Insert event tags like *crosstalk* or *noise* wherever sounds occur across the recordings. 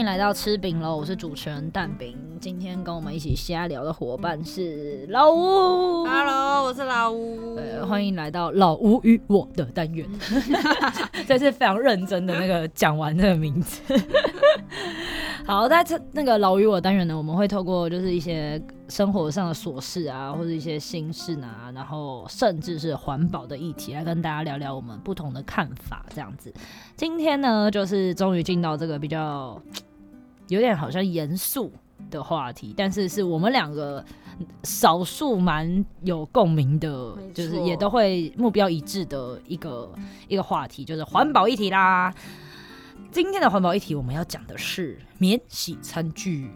歡迎來到吃餅嘍！我是主持人蛋餅，今天跟我們一起瞎聊的伙伴是老吳。Hello，我是老吳。呃，歡迎來到老吳與我的單元， *laughs* *laughs* 這是非常認真的那個講完那個名字。 *laughs* 好，在這那個老與我的單元呢，我們會透過就是一些生活上的瑣事啊，或者一些心事啊，然後甚至是環保的議題，來跟大家聊聊我們不同的看法。這樣子，今天呢，就是終於進到這個比較。有點好像嚴肅的話題，但是是我們兩個少數蠻有共鳴的，沒錯。就是也都會目標一致的一個一個話題，就是環保議題啦。今天的環保議題，我們要講的是免洗餐具。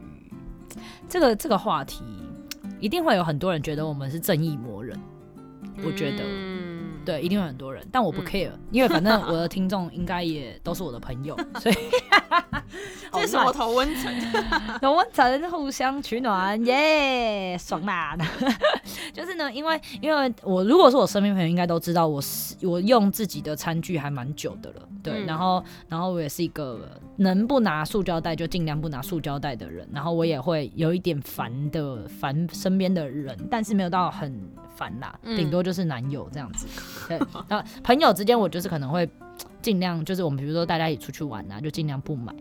這個這個話題一定會有很多人覺得我們是正義魔人，我覺得。嗯對，一定有很多人，嗯、但我不 care，、嗯、因為反正我的聽眾應該也都是我的朋友， *laughs* 所以 *laughs* 這是我同溫層，同溫層，互相取暖，耶、 *laughs* yeah, 爽，爽啦！就是呢，因為因為我如果是我身邊朋友應該都知道我，我是我用自己的餐具還蠻久的了，對，嗯、然後然後我也是一個能不拿塑膠袋就盡量不拿塑膠袋的人，然後我也會有一點煩的煩身邊的人，但是沒有到很。煩啦，頂多就是男友這樣子。嗯、對，那朋友之間，我就是可能會盡量，就是我們比如說大家一起出去玩啊，就盡量不買，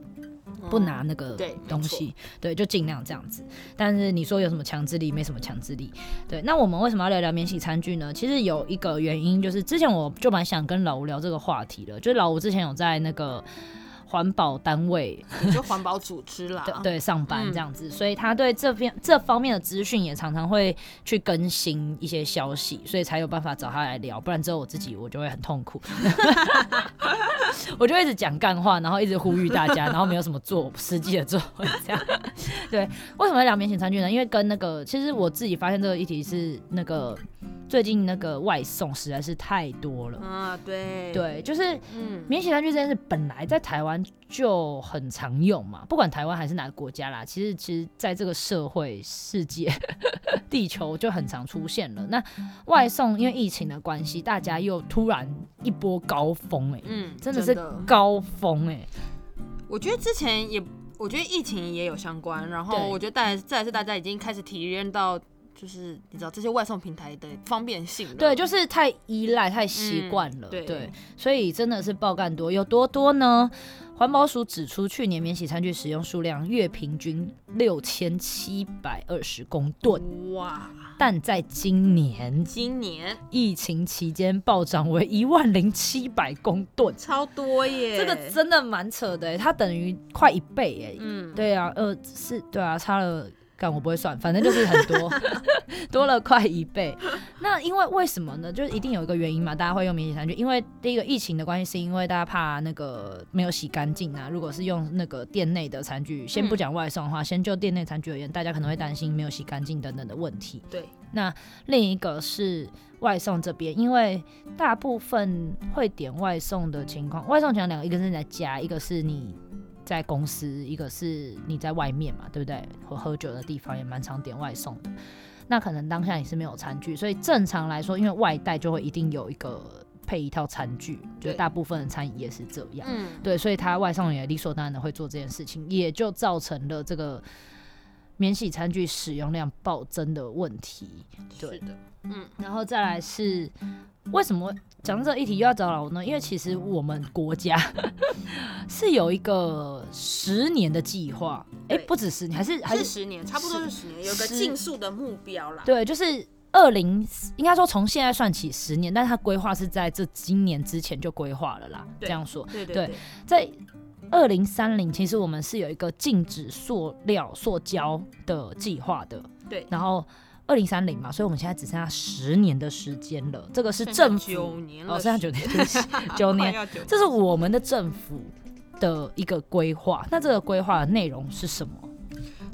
不拿那個東西，嗯、對，對，就盡量這樣子。但是你說有什麼強制力？沒什麼強制力。對，那我們為什麼要聊聊免洗餐具呢？其實有一個原因就是，之前我就蠻想跟老吳聊這個話題的，就是老吳之前有在那個。環保單位就環保組織啦， *laughs* 對，對上班這樣子，嗯、所以他對這邊這方面的資訊也常常會去更新一些消息，所以才有辦法找他來聊，不然之後我自己我就會很痛苦， *laughs* *laughs* 我就一直講幹話，然後一直呼籲大家，然後沒有什麼做 *laughs* 實際的做，對。為什麼要聊免洗餐具呢？因為跟那個，其實我自己發現這個議題是那個最近那個外送實在是太多了啊，對對，就是、嗯、免洗餐具這件事本來在台灣。就很常用嘛，不管台灣還是哪個國家啦，其實其實在這個社會世界，地球就很常出現了。那外送因為疫情的關係，大家又突然一波高峰、欸，哎，嗯，真的是高峰、欸，哎。我覺得之前也，我覺得疫情也有相關，然後我覺得大家，再來是大家已經開始體驗到，就是你知道這些外送平台的方便性了，對，就是太依賴太習慣了，嗯、對，對，所以真的是爆干多，有多多呢？環保署指出，去年免洗餐具使用數量月平均六千七百二十公噸，哇，但在今年，今年疫情期間暴漲為一萬零七百公噸，超多耶！這個真的蠻扯的，它等於快一倍耶。嗯，對啊，呃，是，對啊，差了。我但不會算，反正就是很多， *laughs* 多了快一倍。那因為為什麼呢？就是一定有一個原因嘛，大家會用免洗餐具。因為第一個疫情的關係，是因為大家怕那個沒有洗乾淨啊。如果是用那個店內的餐具，先不講外送的話，先就店內餐具而言，大家可能會擔心沒有洗乾淨等等的問題。對。那另一個是外送這邊，因為大部分會點外送的情況，外送講兩個，一個是你家，一個是你。在公司，一個是你在外面嘛，對不對？和喝酒的地方也蠻常點外送的，那可能當下也是沒有餐具，所以正常來說，因為外帶就會一定有一個配一套餐具，就大部分的餐飲也是這樣，嗯對，對，所以他外送也理所當然的會做這件事情，嗯、也就造成了這個免洗餐具使用量暴增的問題，對的，嗯，然後再來是為什麼？講到這一題又要找老吳呢？因為其實我們國家 *laughs* 是有一個十年的計劃，哎對、欸，不止十年，還是還是十，是十年，差不多是十年，十有個禁塑的目標啦。對，就是二零，應該說從現在算起十年，但它規劃是在這今年之前就規劃了啦。對這樣說，對，對，對，對，在二零三零，其實我們是有一個禁止塑料、塑膠的計劃的。對，然後。二零三零嘛，所以我們現在只剩下十年的時間了。這個是政府，九年哦，剩下九年，對 *laughs* 九年。九，這是我們的政府的一個規劃。那這個規劃的內容是什麼？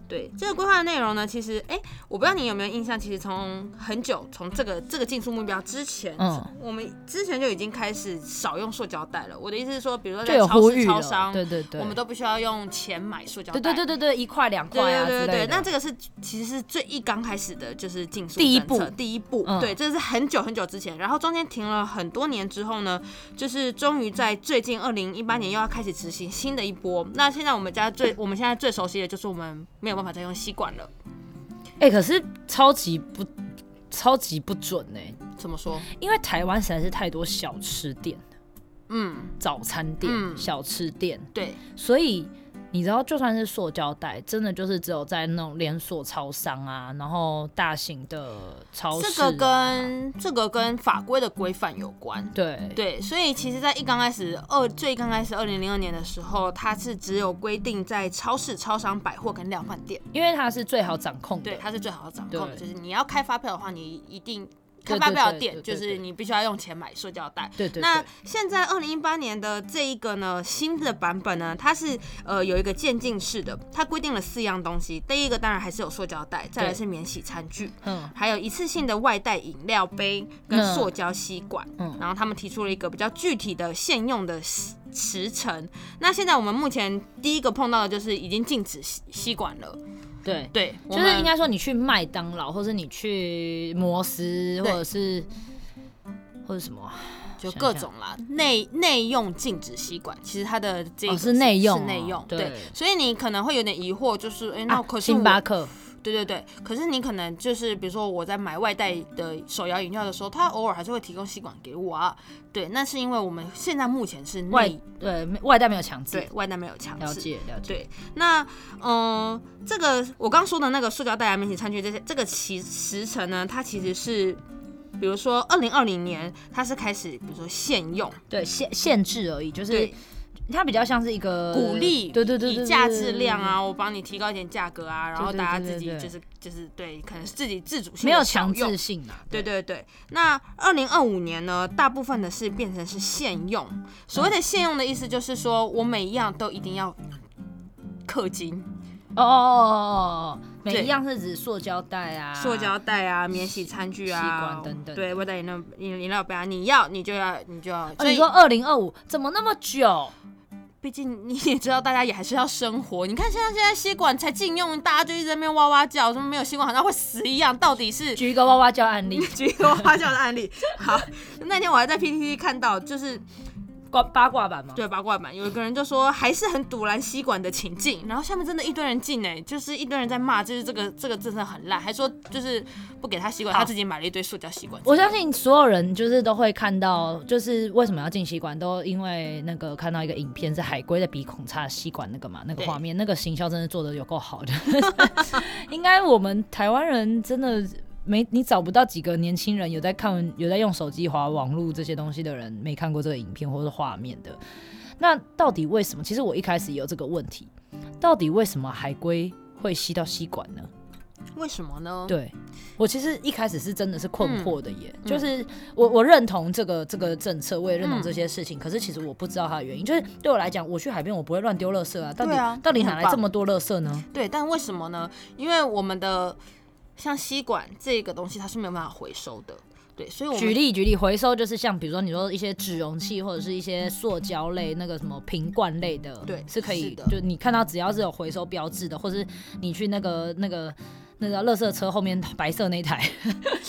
對這個規劃的內容呢，其實哎，我不知道你有沒有印象，其實從很久，從這個、嗯、這個禁塑目標之前，嗯、我們之前就已經開始少用塑膠袋了。我的意思是說，比如說在超市、超商，對對對，我們都不需要用錢買塑膠袋，對對對對對，一塊兩塊啊對,對對對，那這個是其實是最一剛開始的就是禁塑。第一步，第一步，嗯、對，這是很久很久之前，然後中間停了很多年之後呢，就是終於在最近二零一八年又要開始執行新的一波。嗯、那現在我們家最 *laughs* 我們現在最熟悉的就是我們沒有。辦法再用吸管了，哎、欸，可是超級不，超級不準呢、欸。怎麼說？因為台灣實在是太多小吃店了，嗯，早餐店、嗯、小吃店，對，所以。你知道，就算是塑膠袋，真的就是只有在那種連鎖超商啊，然後大型的超市啊，這個跟這個跟法規的規範有關。對對，所以其實，在一剛開始，二最剛開始，二零零二年的時候，它是只有規定在超市、超商、百貨跟量販店。因為它是最好掌控的，對，它是最好掌控的，對就是你要開發票的話，你一定。開發票店，就是你必須要用錢買塑膠袋。對對。那現在二零一八年的這一個呢，新的版本呢，它是呃有一個漸進式的，它規定了四樣東西。第一個當然還是有塑膠袋，再來是免洗餐具，嗯，還有一次性的外帶飲料杯跟塑膠吸管，嗯。然後他們提出了一個比較具體的限用的時程。那現在我們目前第一個碰到的就是已經禁止吸管了。對對，對就是應該說你去麥當勞，們或者你去摩斯，對或者是或者什麼、啊，就各種啦。內內像用禁止吸管，其實它的這個是內、哦用，哦、用，內用對，對，所以你可能會有點疑惑，就是哎、欸，那可是星、啊、巴克。對對對，可是你可能就是，比如說我在買外帶的手搖飲料的時候，他偶爾還是會提供吸管給我。對，那是因為我們現在目前是外呃外帶沒有強制，對，外帶沒有強制。強制。了解，了解。對，那嗯、呃，這個我剛說的那個塑膠袋啊、免洗餐具這些，這個其時程呢，它其實是，比如說二零二零年它是開始，比如說限用，對，限限制而已，就是。它比較像是一個鼓勵，對對對對，以價制量啊，我幫你提高一點價格啊，然後大家自己就是就是對，可能是自己自主性，沒有強制性的，對對對。那二零二五年呢，大部分的是變成是限用。所謂的限用的意思就是說，我每一樣都一定要氪金哦。每一樣是指塑膠袋啊，塑膠袋啊，免洗餐具啊等等。對，外帶飲料，飲料老板、啊、你要你就要你就要。所以、哦、你說二零二五怎麼那麼久？畢竟你也知道，大家也還是要生活。你看，像現在吸管才禁用，大家就一直在那邊哇哇叫，什麼沒有吸管好像會死一樣。到底是舉一個哇哇叫案例，舉一個哇哇叫的案例。好， *laughs* 那天我還在 PTT 看到，就是。八八卦版嘛，對，八卦版有一個人就說，還是很賭爛吸管的情境，然後下面真的一堆人進呢、欸，就是一堆人在罵，就是這個這個真的很爛，還說就是不給他吸管，好他自己買了一堆塑膠吸管。我相信所有人就是都會看到，就是為什麼要禁吸管，都因為那個看到一個影片是海龜的鼻孔插吸管那個嘛，那個畫面，欸，那個行銷真的做的有夠好的， *laughs* 應該我們台灣人真的，沒，你找不到幾個年輕人有在看、有在用手機滑網絡這些東西的人，沒看過這個影片或者是畫面的。那到底為什麼？其實我一開始也有這個問題，到底為什麼海龜會吸到吸管呢？為什麼呢？對，我其實一開始是真的是困惑的耶。嗯、就是我我認同這個這個政策，我也認同這些事情，嗯、可是其實我不知道它的原因。就是對我來講，我去海邊我不會亂丟垃圾啊。到底、啊、到底哪來這麼多垃圾呢？對，但為什麼呢？因為我們的。像吸管這個東西，它是沒有辦法回收的，對，所以我舉例舉例，回收就是像比如說你說一些紙容器或者是一些塑膠類那個什麼瓶罐類的，嗯，對，是，是可以的，就你看到只要是有回收標誌的，或是你去那個那個。那個垃圾車後面白色那台，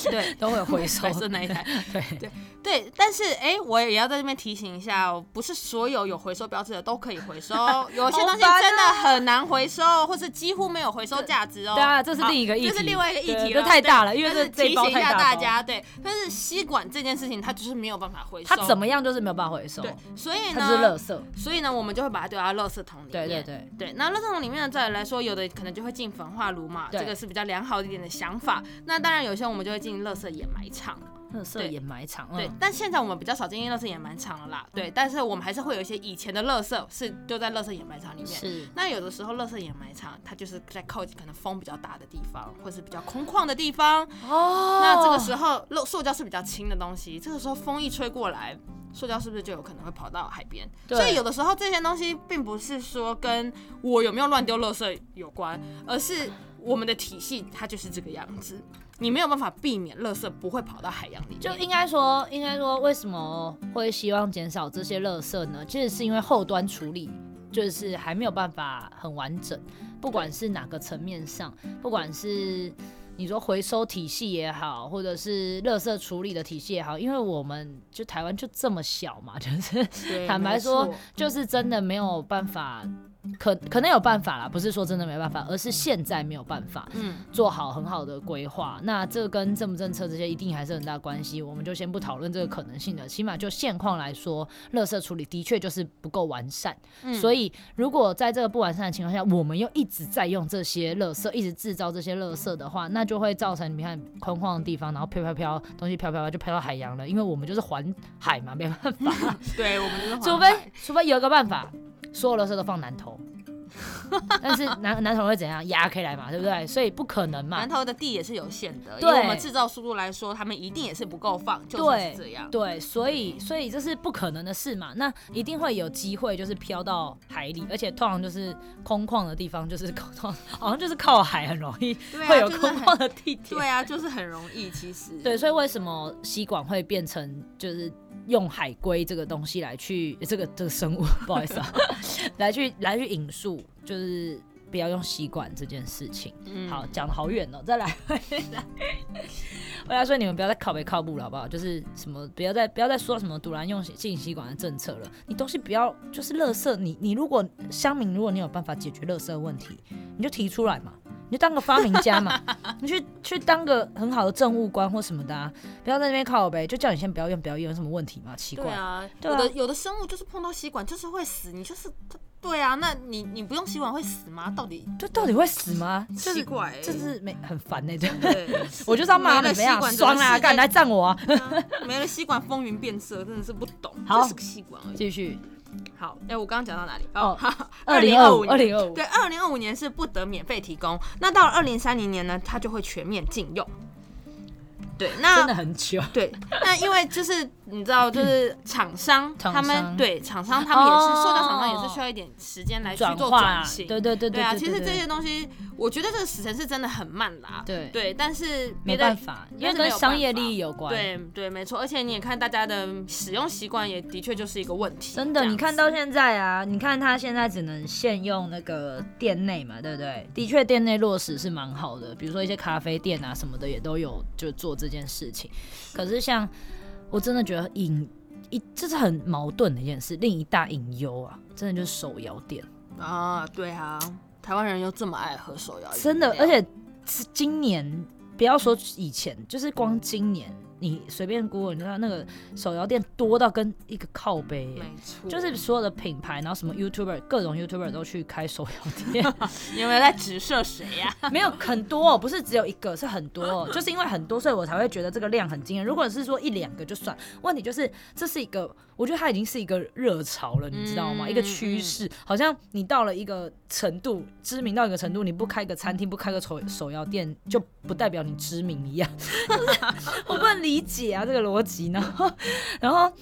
對，都會回收。白色那台，對對對。但是哎，我也要在這邊提醒一下，不是所有有回收標誌的都可以回收，有些東西真的很難回收，或是幾乎沒有回收價值哦。對啊，這是另一個議題，這是另外一個議題，就太大了，因為是提醒一下大家，對，但是吸管這件事情它就是沒有辦法回收，它怎麼樣就是沒有辦法回收，所以呢，是垃圾，所以呢我們就會把它丟到垃圾桶裡面。對對對對，那垃圾桶裡面的再來說，有的可能就會進焚化爐嘛，這個是比較。良好一點的想法，那當然有些我們就會進行垃圾掩埋場，垃圾掩埋場對，嗯，對，但現在我們比較少見垃圾掩埋場了啦，對，但是我們還是會有一些以前的垃圾，是丟在垃圾掩埋場裡面。是那有的時候垃圾掩埋場它就是在靠近可能風比較大的地方，或是比較空曠的地方。哦。那這個時候，漏塑膠是比較輕的東西，這個時候風一吹過來，塑膠是不是就有可能會跑到海邊？對所以有的時候這些東西並不是說跟我有沒有亂丟垃圾有關，而是。我們的體系它就是這個樣子，你沒有辦法避免，垃圾不會跑到海洋裡面。就應該說，應該說，為什麼會希望減少這些垃圾呢？其實是因為後端處理就是還沒有辦法很完整，不管是哪個層面上，對不管是你說回收體系也好，或者是垃圾處理的體系也好，因為我們就台灣就這麼小嘛，就是對坦白說，沒錯就是真的沒有辦法。可可能有辦法啦，不是說真的沒辦法，而是現在沒有辦法，嗯，做好很好的規劃。嗯、那這跟政不政策這些一定還是很大關係，我們就先不討論這個可能性的。起碼就現況來說，垃圾處理的確就是不夠完善，嗯、所以如果在這個不完善的情況下，我們又一直在用這些垃圾，一直製造這些垃圾的話，那就會造成你看空曠的地方，然後飄飄飄東西飄飄飄就飄到海洋了，因為我們就是環海嘛，沒辦法。 *laughs* 對，我們就是除非除非有一個辦法。所有的事都放南投，但是南，南投會怎樣？壓開來嘛，對不對？所以不可能嘛。南投的地也是有限的，對我們製造速度來說，他們一定也是不夠放，就是這樣。對，對，所以所以這是不可能的事嘛。那一定會有機會，就是飄到海裡，嗯、而且通常就是空曠的地方，就是靠、嗯、好像就是靠海，很容易會有空曠的地點。對啊，就是很容易，其實。對，所以為什麼吸管會變成就是？用海龜這個東西來去，這個這個生物， *laughs* 不好意思啊，來去來去引述，就是。不要用吸管這件事情，嗯，好講得好遠哦、喔，再來，回來，回來說你們不要再靠北靠步了好不好？就是什麼不要再不要再說什麼突然用禁吸，吸管的政策了，你東西不要就是垃圾。你你如果鄉民，如果你有辦法解決垃圾問題，你就提出來嘛，你就當個發明家嘛， *laughs* 你去去當個很好的政務官或什麼的，啊，不要在那邊靠北，就叫你先不要用，不要用，有什麼問題嗎？奇怪，啊，啊有的有的生物就是碰到吸管就是會死，你就是。對啊，那你你不用吸管會死嗎？到底，這到底會死嗎？奇怪，就是沒很煩哎，對，我就要罵你，沒了吸管，爽啦，幹來讚我啊！沒了吸管風雲變色，真的是不懂，就是個吸管而已。繼續，好，哎，我剛剛講到哪裡？哦，二零二五，二零二五，對，二零二五年是不得免費提供，那到了二零三零年呢，它就會全面禁用。對，那，很久。對，那因為就是你知道，就是廠商他們對廠商他們也是，受到廠商也是需要一點時間來去做轉型。對對對對啊，其實這些東西，我覺得這個時程是真的很慢啦。對對，但是沒辦法，因為跟商業利益有關。對對，沒錯。而且你也看大家的使用習慣，也的確就是一個問題。真的，你看到現在啊，你看他現在只能限用那個店內嘛，對不對？的確，店內落實是蠻好的，比如說一些咖啡店啊什麼的也都有，就做這件事情，可是像我真的覺得隱一，這、就是很矛盾的一件事。另一大隱憂啊，真的就是手搖店啊，對啊，台灣人又這麼愛喝手搖，真的，而且是今年，不要說以前，就是光今年。嗯你隨便 Google，你知道那個手搖店多到跟一個靠杯、欸，沒錯錯，就是所有的品牌，然後什麼 YouTuber，各種 YouTuber 都去開手搖店， *laughs* 你有沒有在指涉誰呀？ *laughs* 沒有，很多、喔，不是只有一個，是很多、喔， *laughs* 就是因為很多，所以我才會覺得這個量很驚人。如果是說一兩個就算，問題就是這是一個。我覺得它已經是一個熱潮了，你知道嗎？一個趨勢，好像你到了一個程度，知名到一個程度，你不開個餐廳，不開個手手搖店，就不代表你知名一樣。 *laughs* 我不能理解啊，這個邏輯呢？然後，然後，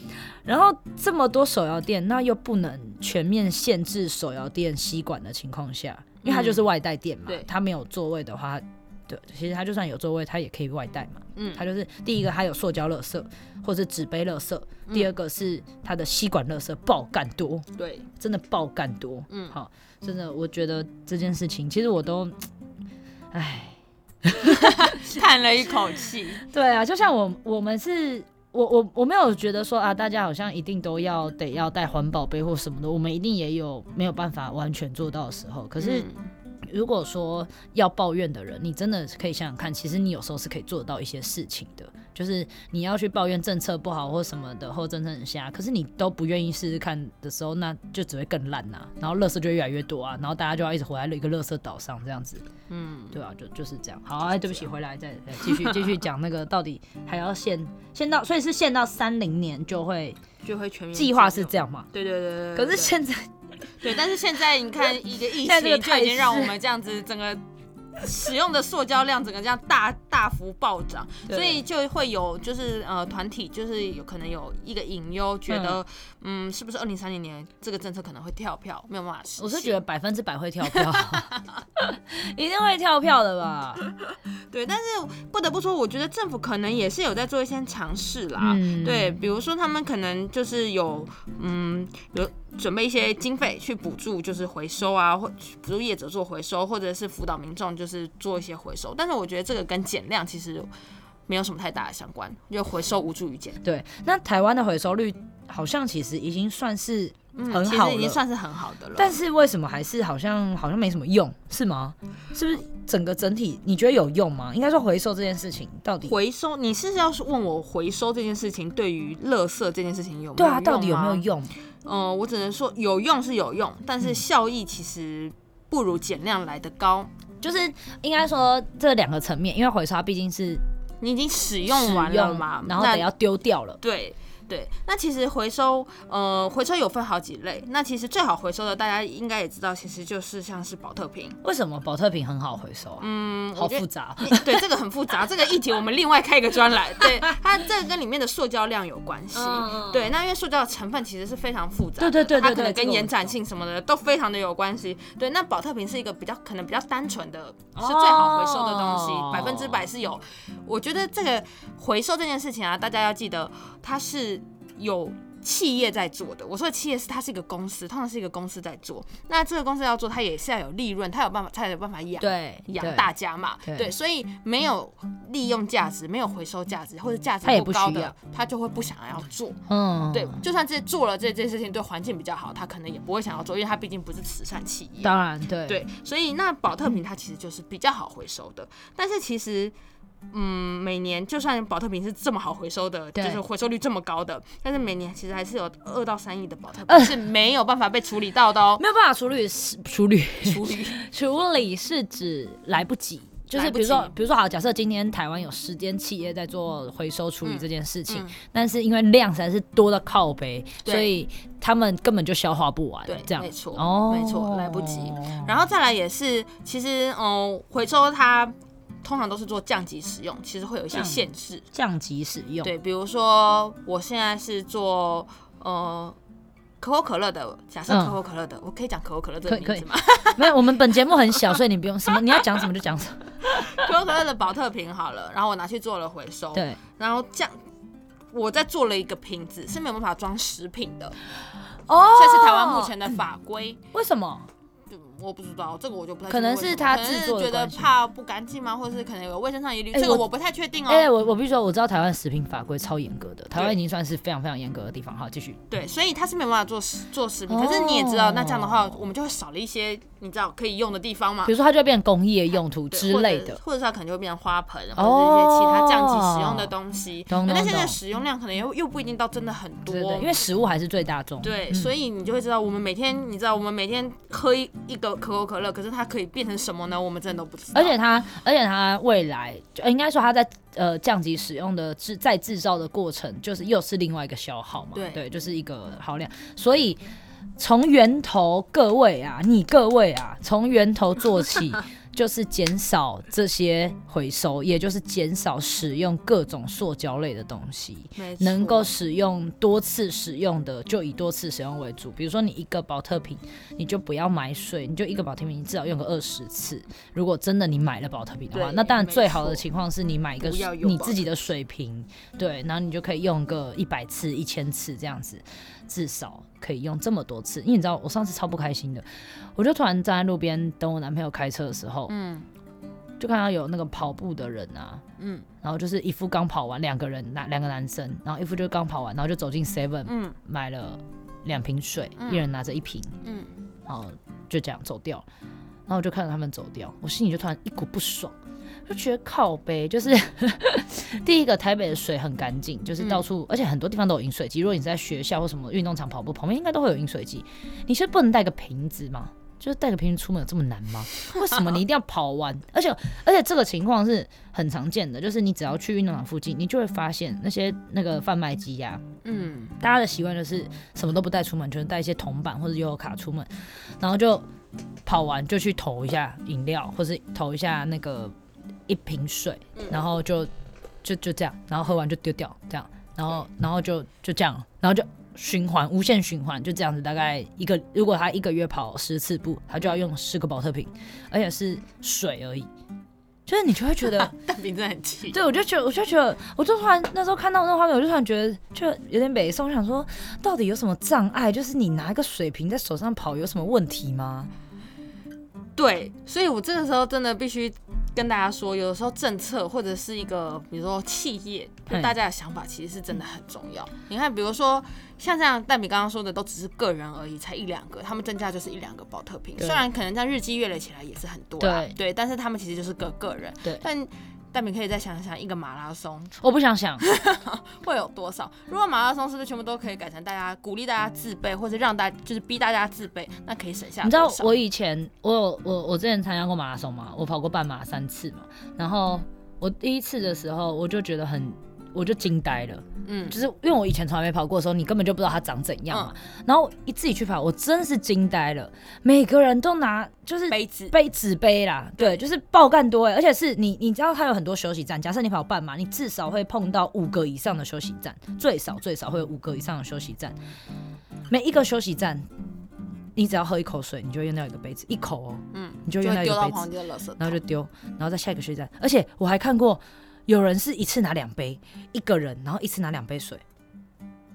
然後這麼多手搖店，那又不能全面限制手搖店吸管的情況下，因為它就是外帶店嘛，它沒有座位的話。對，其實他就算有座位，他也可以外帶嘛。嗯，他就是第一個，他有塑膠垃圾或是紙杯垃圾；嗯、第二個是他的吸管垃圾，爆幹多，對，真的爆幹多。嗯，好，真的，我覺得這件事情其實我都，唉，嘆對 *laughs* *laughs* 了一口氣。對啊，就像我我們是我我我沒有覺得說啊，大家好像一定都要得要帶環保杯或什麼的，我們一定也有沒有辦法完全做到的時候。可是。嗯如果說要抱怨的人，你真的可以想想看，其實你有時候是可以做到一些事情的。就是你要去抱怨政策不好或什麼的，或政策很瞎，可是，你都不願意試試看的時候，那就只會更爛吶、啊。然後垃圾就越來越多啊，然後大家就要一直活在一個垃圾島上這樣子。嗯，對啊，就就是這樣。好，對不起，回來再繼續繼續講那個到底還要限限 *laughs* 到，所以是限到三零年就會就會全面。計劃是這樣嘛？對對對，對，對。可是現在。對，但是現在你看，一個疫情就已經讓我們這樣子整個使用的塑膠量整個這樣大大幅暴漲，所以就會有就是呃團體就是有可能有一個隱憂，覺得嗯是不是二零三零年這個政策可能會跳票，沒有辦法。我是覺得百分之百會跳票， *laughs* *laughs* 一定會跳票的吧？對，但是不得不說，我覺得政府可能也是有在做一些嘗試啦。嗯、對，比如說他們可能就是有嗯有準備一些經費去補助，就是回收啊，或補助業者做回收，或者是輔導民眾就是。就是做一些回收，但是我覺得這個跟減量其實沒有什麼太大的相關，因為回收無助於減。對，那台灣的回收率好像其實已經算是很好了，嗯、已經算是很好的了。但是為什麼還是好像好像沒什麼用，是嗎？嗯、是不是整個整體你覺得有用嗎？應該說回收這件事情到底回收你是，是要問我回收這件事情對於垃圾這件事情有、沒有用啊？對啊，到底有沒有用？嗯，我只能說有用是有用，但是效益，其實不如減量來得高。就是應該說這兩個層面，因為回收畢竟是你已經使用完了嗎，然後得要丟掉了，對。對，那其實回收，呃，回收有分好幾類。那其實最好回收的，大家應該也知道，其實就是像是寶特瓶。為什麼寶特瓶很好回收啊？嗯，好複雜。對，這個很複雜， *laughs* 這個議題我們另外開一個專欄。對，它這個跟裡面的塑膠量有關係。嗯嗯對，那因為塑膠成分其實是非常複雜的，對對，對對對對，它可能跟延展性什麼的都非常的有關係。對，那寶特瓶是一個比較可能比較單純的是最好回收的東西，百分之百是有。我覺得這個回收這件事情啊，大家要記得它是。有企業在做的，我說的企業是它是一個公司，通常是一個公司在做。那這個公司要做，它也是要有利潤，它有辦法，它才有辦法養，對養大家嘛，對。對所以沒有利用價值，沒有回收價值，或者價值不高的，它，它就會不想要做。嗯，對。就算是做了這件事情，對環境比較好，它可能也不會想要做，因為它畢竟不是慈善企業。當然，對對。所以那寶特瓶它其實就是比較好回收的，但是其實。嗯，每年就算保特瓶是這麼好回收的，就是回收率這麼高的，但是每年其實還是有二到三億的保特瓶是沒有辦法被處理到的哦，沒有辦法處理是處理處理處理是指來不及，就是比如說比如說好，假設今天台灣有十間企業在做回收處理這件事情，但是因為量實在是多到靠背，所以他們根本就消化不完，對，這樣沒錯哦，沒錯，來不及。然後再來也是，其實嗯，回收它。通常都是做降級使用，其實會有一些限制。嗯、降級使用，對，比如說我現在是做呃可口可樂的，假設可口可樂的，嗯、我可以講可口可樂這個名字嗎？沒有，我們本節目很小，所以你不用 *laughs* 什麼，你要講什麼就講什麼。可口可樂的寶特瓶好了，然後我拿去做了回收。對，然後這樣我在做了一個瓶子，是沒有辦法裝食品的。哦、嗯，這是台灣目前的法規、嗯，為什麼？我不知道這個我就不太清楚。可能是他制作是覺得怕不乾淨嗎？或者是可能有衛生上疑慮。欸、這個我不太確定哦。哎、欸，我我必須說，我知道台灣食品法規超嚴格的，對台灣已經算是非常非常嚴格的地方。好，繼續。對，所以他是沒有辦法做食做食品，哦、可是你也知道，那這樣的話我們就會少了一些你知道可以用的地方嘛。比如說，它就會變工業用途之類的，或者，或者是它可能就會變成花盆或者是一些其他降級使用的東西。懂那、哦、現在使用量可能又又不一定到真的很多，對對對，因為食物還是最大眾。對，嗯、所以你就會知道，我們每天你知道我們每天喝一一個。可口可樂，可是它可以變成什麼呢？我們真的都不知道。而且它，而且它未來，就應該說它在呃降級使用的製再製造的過程，就是又是另外一個消耗嘛，對，對，就是一個耗量。所以從源頭，各位啊，你各位啊，從源頭做起。 *laughs* 就是減少這些回收，也就是減少使用各種塑膠類的東西。錯能夠使用多次使用的，就以多次使用為主。比如說，你一個寶特瓶，你就不要買水，你就一個寶特瓶，你至少用個二十次。如果真的你買了寶特瓶的話，對那當然最好的情況是你買一個你自己的水瓶，對，然後你就可以用個一百次、一千次這樣子。至少可以用這麼多次，因為你知道，我上次超不開心的，我就突然站在路邊等我男朋友開車的時候，嗯，就看到有那個跑步的人啊，嗯，然後就是一副剛跑完，兩個人男兩個男生，然後一副就剛跑完，然後就走進 seven，嗯，買了兩瓶水，嗯、一人拿着一瓶，嗯，然後就這樣走掉，然後我就看到他們走掉，我心裡就突然一股不爽。就覺得靠杯，就是呵呵，第一個台北的水很乾淨，就是到處，嗯、而且很多地方都有飲水機。如果你在學校或什麼運動場跑步，旁邊應該都會有飲水機。你是不能帶個瓶子嗎？就是帶個瓶子出門有這麼難嗎？為什麼你一定要跑完？ *laughs* 而且而且這個情況是很常見的，就是你只要去運動場附近，你就會發現那些那個販賣機呀、啊，嗯，大家的習慣就是什麼都不帶出門，就是帶一些銅板或者悠遊卡出門，然後就跑完就去投一下飲料，或是投一下那個。一瓶水，然後就就就這樣，然後喝完就丟掉，這樣，然後然後就就這樣，然後就循環，無限循環，就這樣子。大概一個，如果他一個月跑十次步，他就要用四個寶特瓶，而且是水而已。就是你就會覺得，瓶子很輕。對，我就覺得，我就覺得，我就突然那時候看到那個畫面，我就突然覺得，就有點美宋。我想說，到底有什麼障礙？就是你拿一個水瓶在手上跑，有什麼問題嗎？對，所以我這個時候真的必須跟大家說，有的時候政策或者是一個，比如說企業，大家的想法其實是真的很重要。你看，比如說像這樣，但比剛剛說的，都只是個人而已，才一兩個，他們增加就是一兩個保特瓶，雖然可能這樣日積月累起來也是很多啊，對，但是他們其實就是個個人，對，但。但你可以再想想，一個馬拉松，我不想想 *laughs* 會有多少？如果馬拉松是不是全部都可以改成大家鼓勵大家自備，或者讓大家就是逼大家自備，那可以省下。你知道我以前我有我我之前參加過馬拉松嘛？我跑過半馬三次嘛。然後我第一次的時候我就覺得很。我就驚呆了，嗯，就是因為我以前從來沒跑過的時候，你根本就不知道它長怎樣嘛。嗯、然後你自己去跑，我真是驚呆了。每個人都拿就是杯子，杯紙杯啦，杯子對，就是爆乾多哎。而且是你，你知道它有很多休息站。假設你跑半馬，你至少會碰到五個以上的休息站，最少最少會有五個以上的休息站。每一個休息站，你只要喝一口水，你就用掉一個杯子，一口、喔，哦，嗯，你就用掉一個杯子，丟然後就丟，然後再下一個休息站。而且我還看過。有人是一次拿兩杯，一個人，然後一次拿兩杯水。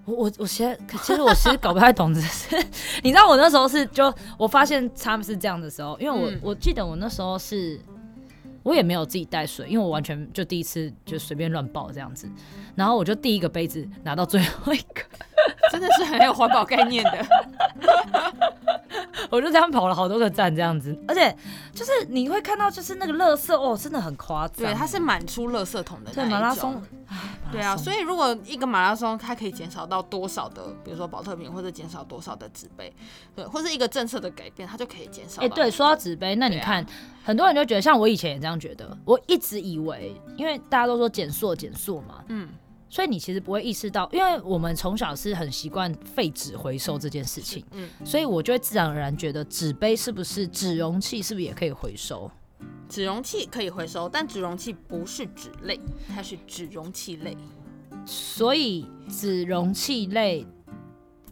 我我我其實可其實我其實搞不太懂的是 *laughs* *laughs* 你知道我那時候是就我發現他們是這樣的時候，因為我、嗯、我記得我那時候是，我也沒有自己帶水，因為我完全就第一次就隨便亂抱這樣子，然後我就第一個杯子拿到最後一個，真的是很有環保概念的。 *laughs* *laughs* 我就這樣跑了好多個站，這樣子，而且就是你會看到，就是那個垃圾哦，真的很誇張。對，它是滿出垃圾桶的那。對，馬拉松，對啊，所以如果一個馬拉松它可以減少到多少的，比如說寶特瓶，或者減少多少的紙杯，對，或者一個政策的改變，它就可以減少。哎、欸，對，說到紙杯，那你看，啊、很多人就覺得像我以前也這樣覺得，我一直以為，因為大家都說減塑減塑嘛，嗯。所以你其實不會意識到，因為我們從小是很習慣廢紙回收這件事情，所以我就會自然而然覺得紙杯是不是紙容器是不是也可以回收？紙容器可以回收，但紙容器不是紙類，它是紙容器類，所以紙容器類。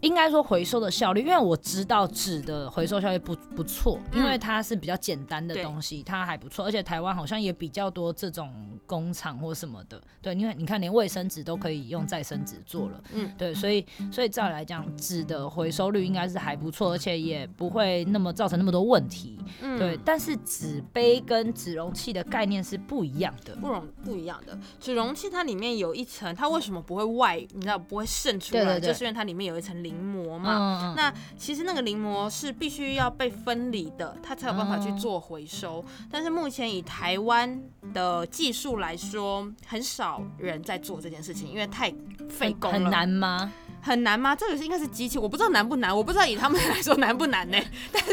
應該說回收的效率，因為我知道紙的回收效率不不錯，因為它是比較簡單的東西，嗯、它還不錯，而且台灣好像也比較多這種工廠或什麼的。對，因為你看連衛生紙都可以用再生紙做了，嗯，對，所以所以照理來講，紙的回收率應該是還不錯，而且也不會那麼造成那麼多問題，嗯、對。但是紙杯跟紙容器的概念是不一樣的，不容不一樣的。紙容器它裡面有一層，它為什麼不會外，你知道不會滲出來？的，就是因為它裡面有一層淋膜嘛，嗯、那其實那個淋膜是必須要被分離的，它才有辦法去做回收。嗯、但是目前以台灣的技術來說，很少人在做這件事情，因為太費工了。很難嗎？很難嗎？很難嗎？這個是應該是機器，我不知道難不難，我不知道以他們來說難不難呢、欸？但是，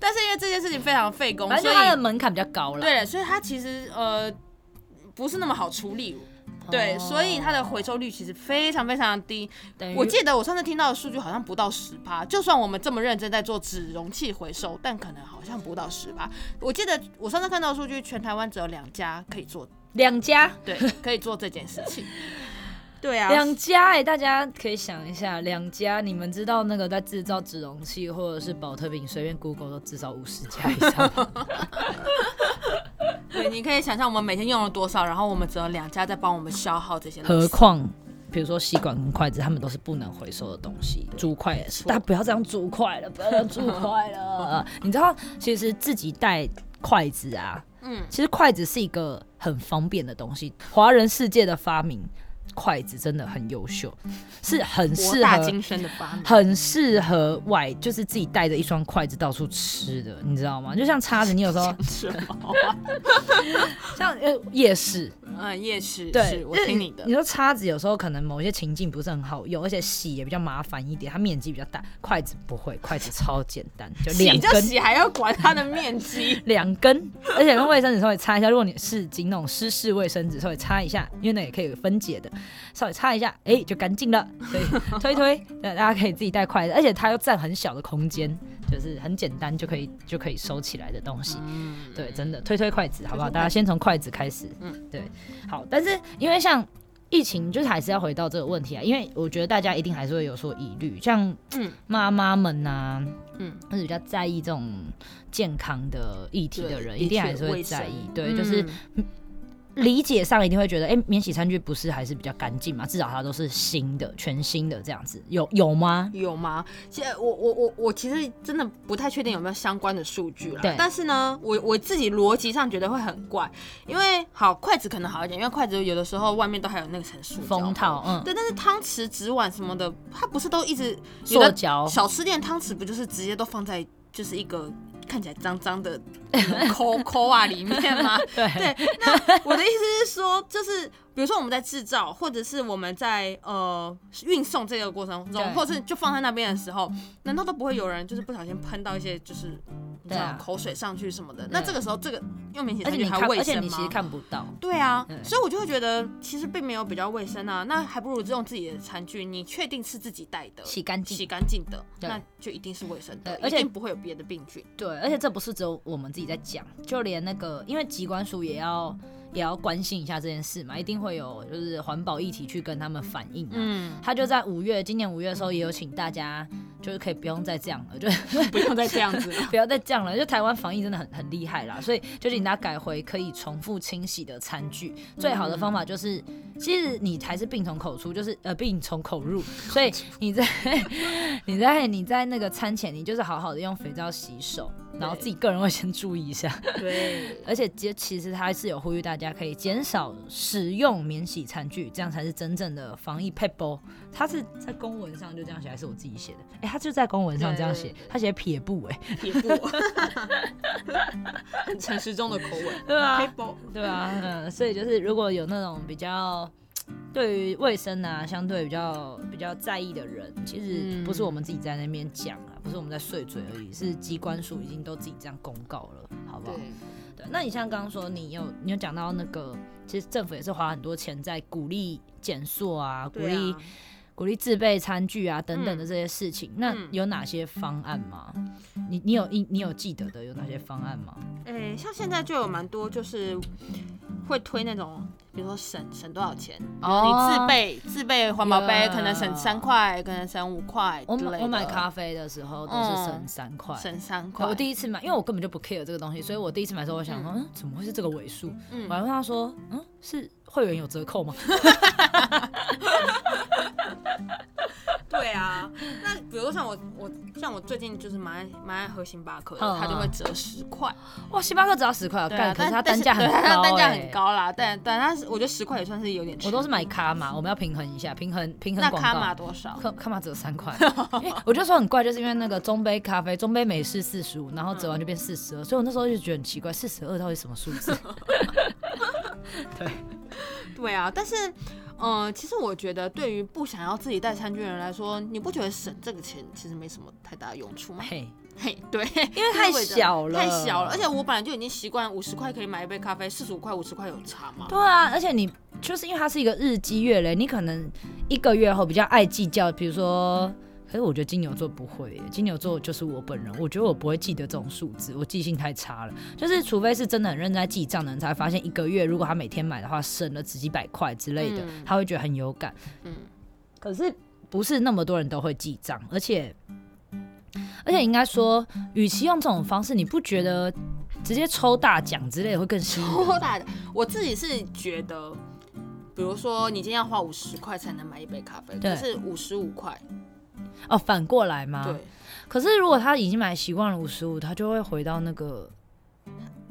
但是因為這件事情非常費工，所以它的門檻比較高了。對了，所以它其實呃不是那麼好處理。對，所以它的回收率其實非常非常的低。等於，我記得我上次聽到的數據好像不到十趴。就算我們這麼認真在做紙容器回收，但可能好像不到十趴。我記得我上次看到的數據，全台灣只有兩家可以做，兩家對，可以做這件事情。對啊，兩家哎、欸，大家可以想一下，兩家你們知道那個在製造紙容器或者是保特瓶，隨便 Google 都至少五十家以上。 *laughs* *laughs* 對，你可以想象我們每天用了多少，然後我們只有兩家在幫我們消耗這些東西。何況，比如說吸管跟筷子，他們都是不能回收的東西。竹筷也是，沒錯。大家不要這樣竹筷了，不要這樣竹筷了、 *laughs* 啊。你知道，其實自己帶筷子啊，嗯，其實筷子是一個很方便的東西，華人世界的發明。筷子真的很優秀，是很適合、很適合外就是自己帶着一雙筷子到處吃的，你知道嗎？就像叉子，你有時候像什麼啊？像夜市，嗯，夜市對，我聽你的。你說叉子有時候可能某些情境不是很好用，而且洗也比較麻煩一點，它面積比較大。筷子不會，筷子超簡單，就兩根，就洗還要管它的面積，兩 *laughs* 根，而且用衛生紙稍微擦一下。如果你是經那種濕式衛生紙稍微擦一下，因為那也可以分解的。稍微擦一下，哎、欸，就乾淨了。所以推推，對， *laughs* 大家可以自己帶筷子，而且它又佔很小的空間，就是很簡單就可以就可以收起來的東西。嗯、對，真的推推筷子，好不好？大家先從筷子開始。嗯，對，好。但是因為像疫情，就是還是要回到這個問題啊，因為我覺得大家一定還是會有所疑慮，像媽媽們吶、啊，嗯，或者比較在意這種健康的議題的人，對一定還是會在意。對，對，就是。嗯理解上一定會覺得，哎、欸，免洗餐具不是還是比較乾淨嘛？至少它都是新的、全新的這樣子。有有嗎？有嗎？現在我我我我其實真的不太確定有沒有相關的數據了。對但是呢，我我自己邏輯上覺得會很怪，因為好筷子可能好一點，因為筷子有的時候外面都還有那個層塑膠封套。嗯。對，但是湯匙、紙碗什麼的，它不是都一直膠有的？小吃店湯匙不就是直接都放在就是一個。看起來髒髒的那個摳摳啊，裡面嗎？ *laughs* 對，那我的意思是說，就是。比如說我們在製造，或者是我們在呃運送這個過程中，對或是就放在那邊的時候，難道都不會有人就是不小心噴到一些就是，你知道啊、口水上去什麼的？對那這個時候這個又明顯而且你還衛生嘛，而且你其實看不到，對啊，對所以我就會覺得其實並沒有比較衛生啊，那還不如用自己的餐具，你確定是自己帶的，洗乾淨、洗乾淨的，對那就一定是衛生的，而且對不會有別的病菌對。對，而且這不是只有我們自己在講，就連那個因為疾管署也要。也要關心一下這件事嘛，一定會有就是環保議題去跟他們反映啊。嗯，他就在五月，今年五月的時候也有請大家，就是可以不用再這樣了，就不用再這樣子了， *laughs* 不要再這樣了。就台灣防疫真的很很厲害啦，所以就請大家改回可以重複清洗的餐具。嗯。最好的方法就是，其實你還是病從口出，就是呃病從口入，所以你在 *laughs* 你在你在那個餐前，你就是好好的用肥皂洗手。然後自己個人會先注意一下，對， *laughs* 而且減其實他是有呼籲大家可以減少使用免洗餐具，這樣才是真正的防疫撇步，他是在公文上就這樣寫，還是我自己寫的？哎、欸，他就在公文上這樣寫，對對對對，他寫撇步哎，撇步很陳時中的口吻，啊，對啊，對啊，啊、嗯，所以就是如果有那種比較對於衛生啊相對比較比較在意的人，其實不是我們自己在那邊講。不是我們在碎嘴而已，是機關署已經都自己這樣公告了，好不好？對，對，那你像剛剛說你，你有你有講到那個，其實政府也是花很多錢在鼓勵減塑啊，鼓勵、啊。鼓勵自備餐具啊，等等的這些事情，嗯、那有哪些方案嗎？你你有你，你有記得的有哪些方案嗎？哎、欸，像現在就有蠻多，就是會推那種，比如說省省多少錢，你自備、哦、自備環保杯，可能省三塊，嗯、可能省五塊。我買咖啡的時候都是省三塊，嗯、對省三塊。我第一次買，因為我根本就不 care 這個東西，所以我第一次買的時候，我想說，嗯，怎麼會是這個尾數？嗯、我還問他說，嗯，是。會員有折扣嗎？對啊，那比如說像我，我像我最近就是蠻蠻愛喝星巴克，它就會折十塊。哇，星巴克只要十塊啊！對啊，但是它單價很高。單價很高啦，但但是，我覺得十塊也算是有點。我都是買卡瑪，我們要平衡一下，平衡平衡。那卡瑪多少？卡卡瑪只有三塊。我就說很怪，就是因為那個中杯咖啡，中杯美式四十五，然後折完就變四十二，所以我那時候就覺得很奇怪，四十二到底什麼數字？對。 *laughs* 對啊，但是，嗯、呃，其實我覺得，對於不想要自己帶餐具的人來說，你不覺得省這個錢其實沒什麼太大用處嗎？嘿，嘿，對，因為太小了，太小了，而且我本來就已經習慣五十塊可以買一杯咖啡，四十五塊、五十塊有差嘛？對啊，而且你就是因為它是一個日積月累，你可能一個月後比較愛計較，比如說。嗯可是我覺得金牛座不會耶，金牛座就是我本人，我覺得我不會記得這種數字，我記性太差了。就是除非是真的很認真在記賬的人，才發現一個月如果他每天買的話，省了幾百塊之類的，他會覺得很有感。嗯，可是不是那麼多人都會記賬，而且而且應該說，與其用這種方式，你不覺得直接抽大獎之類的會更吸引？抽大獎，我自己是覺得，比如說你今天要花五十塊才能買一杯咖啡，就是五十五塊。哦，反過來嗎？對。可是如果他已經買習慣了五十五，他就會回到那個，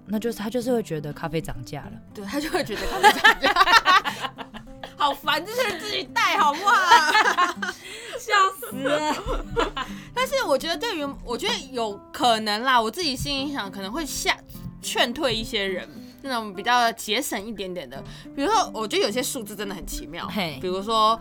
那就是他就是會覺得咖啡漲價了。對，他就會覺得咖啡漲價， *laughs* 好煩，就是自己帶好不好,？ *laughs* 笑死了 *laughs* 但是我覺得，對於我覺得有可能啦，我自己心裡想可能會嚇勸退一些人，那種比較節省一點點的。比如說，我覺得有些數字真的很奇妙，Hey. 比如說。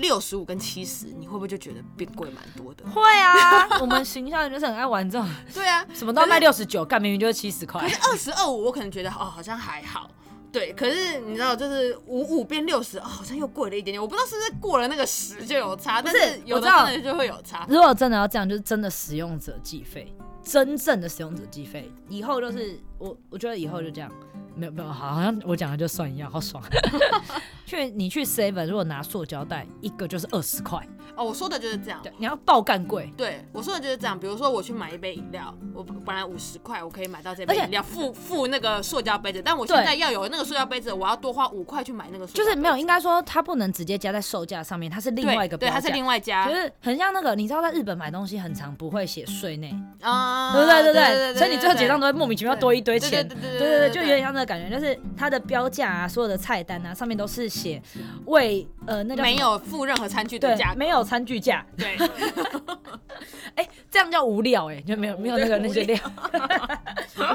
六十五跟七十，你會不會就覺得變貴蠻多的？會啊， *laughs* 我們行銷就是很愛玩這種。對啊，什麼都要賣六十九，幹明明就是七十塊。二十二五，我可能覺得哦，好像還好。對，可是你知道，就是五五變六十，哦，好像又貴了一點點。我不知道是不是過了那個十就有差，是但是有這樣的就會有差。如果真的要這樣，就是真的使用者計費，真正的使用者計費，嗯、以後就是、嗯、我，我覺得以後就這樣，沒有沒有，好，好像我講的就算一樣，好爽。 *laughs* 去你去 Seven，如果拿塑膠袋，一個就是二十塊哦。我說的就是這樣對，你要爆幹貴、嗯。對我說的就是這樣，比如說我去買一杯飲料，我本來五十塊，我可以買到這杯飲料，付付且那個塑膠杯子，但我現在要有那個塑膠杯子，對我要多花五塊去買那個塑膠杯子。塑就是沒有，應該說它不能直接加在售價上面，它是另外一個標價對，對，它是另外加，就是很像那個，你知道在日本買東西很常不會寫稅內。啊，對對對對對，所以你最後結賬都會莫名其妙多一堆錢，對對對，就有點像那感覺，就是它的標價啊，所有的菜單啊上面都是。且為呃，那沒有付任何餐具的價，沒有餐具價，對。哎，這樣叫無料哎，就沒有沒有那個那些料，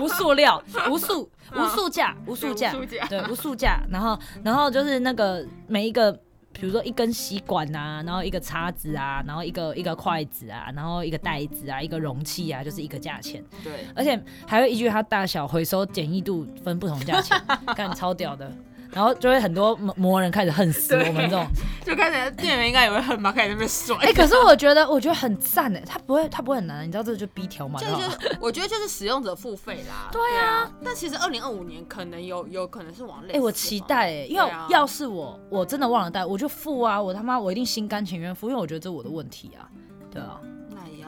無塑料，無塑、無塑價，無塑價，對，無塑價。然後然後就是那個每一個，比如說一根吸管啊，然後一個叉子啊，然後一個一個筷子啊，然後一個袋子啊，一個容器啊，就是一個價錢。對，而且還會依據它大小、回收簡易度分不同價錢，看超屌的。然後就會很多魔人開始恨死我們這種，就開始店員應該也會恨吧？在那邊甩。哎、 *laughs* 欸，可是我覺得，我覺得很讚哎，他不會，他不會很難，你知道這個、就 B 條嘛。就是我覺得就是使用者付費啦。對啊，對啊，但其實二零二五年可能有有可能是往內。哎、欸，我期待哎、欸，因為、啊、要是我我真的忘了帶，我就付啊，我他媽我一定心甘情願付，因為我覺得這是我的問題啊，對啊。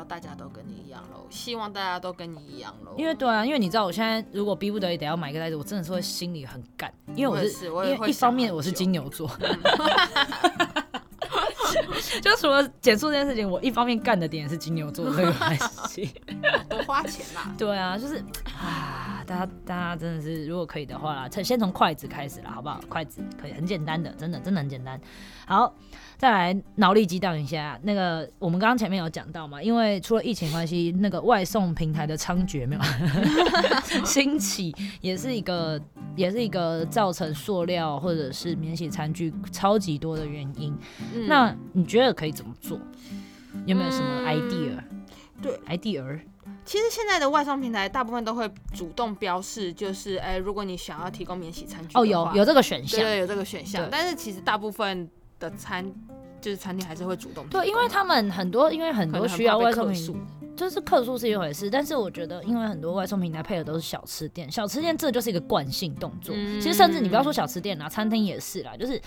大家都跟你一樣嘍，希望大家都跟你一樣嘍。因為對啊，因為你知道，我現在如果逼不得已得要買一個袋子，我真的是會心裡很幹，因為我是，我是我也會一方面我是金牛座，就除了減塑這件事情，我一方面幹的點是金牛座這個花錢啦，對啊，就是。大家，大家真的是，如果可以的話先從筷子開始啦，好不好？筷子可以很簡單的，真的，真的很簡單。好，再來腦力激盪一下，那個我們剛剛前面有講到嘛，因為除了疫情關係，那個外送平台的猖獗，沒有興起， *laughs* 也是一個，也是一個造成塑料或者是免洗餐具超級多的原因。嗯、那你覺得可以怎麼做？有沒有什麼 idea？、嗯對，i d r 其實現在的外送平台大部分都會主動標示，就是哎、欸，如果你想要提供免洗餐具，哦，有有這個選項，對，有這個選項。但是其實大部分的餐就是餐廳還是會主動提供，對，因為他們很多，因為很多需要外送。就是客訴是一回事，但是我覺得，因為很多外送平台配的都是小吃店，小吃店這就是一個慣性動作。嗯、其實甚至你不要說小吃店啊，、嗯、餐廳也是啦，就是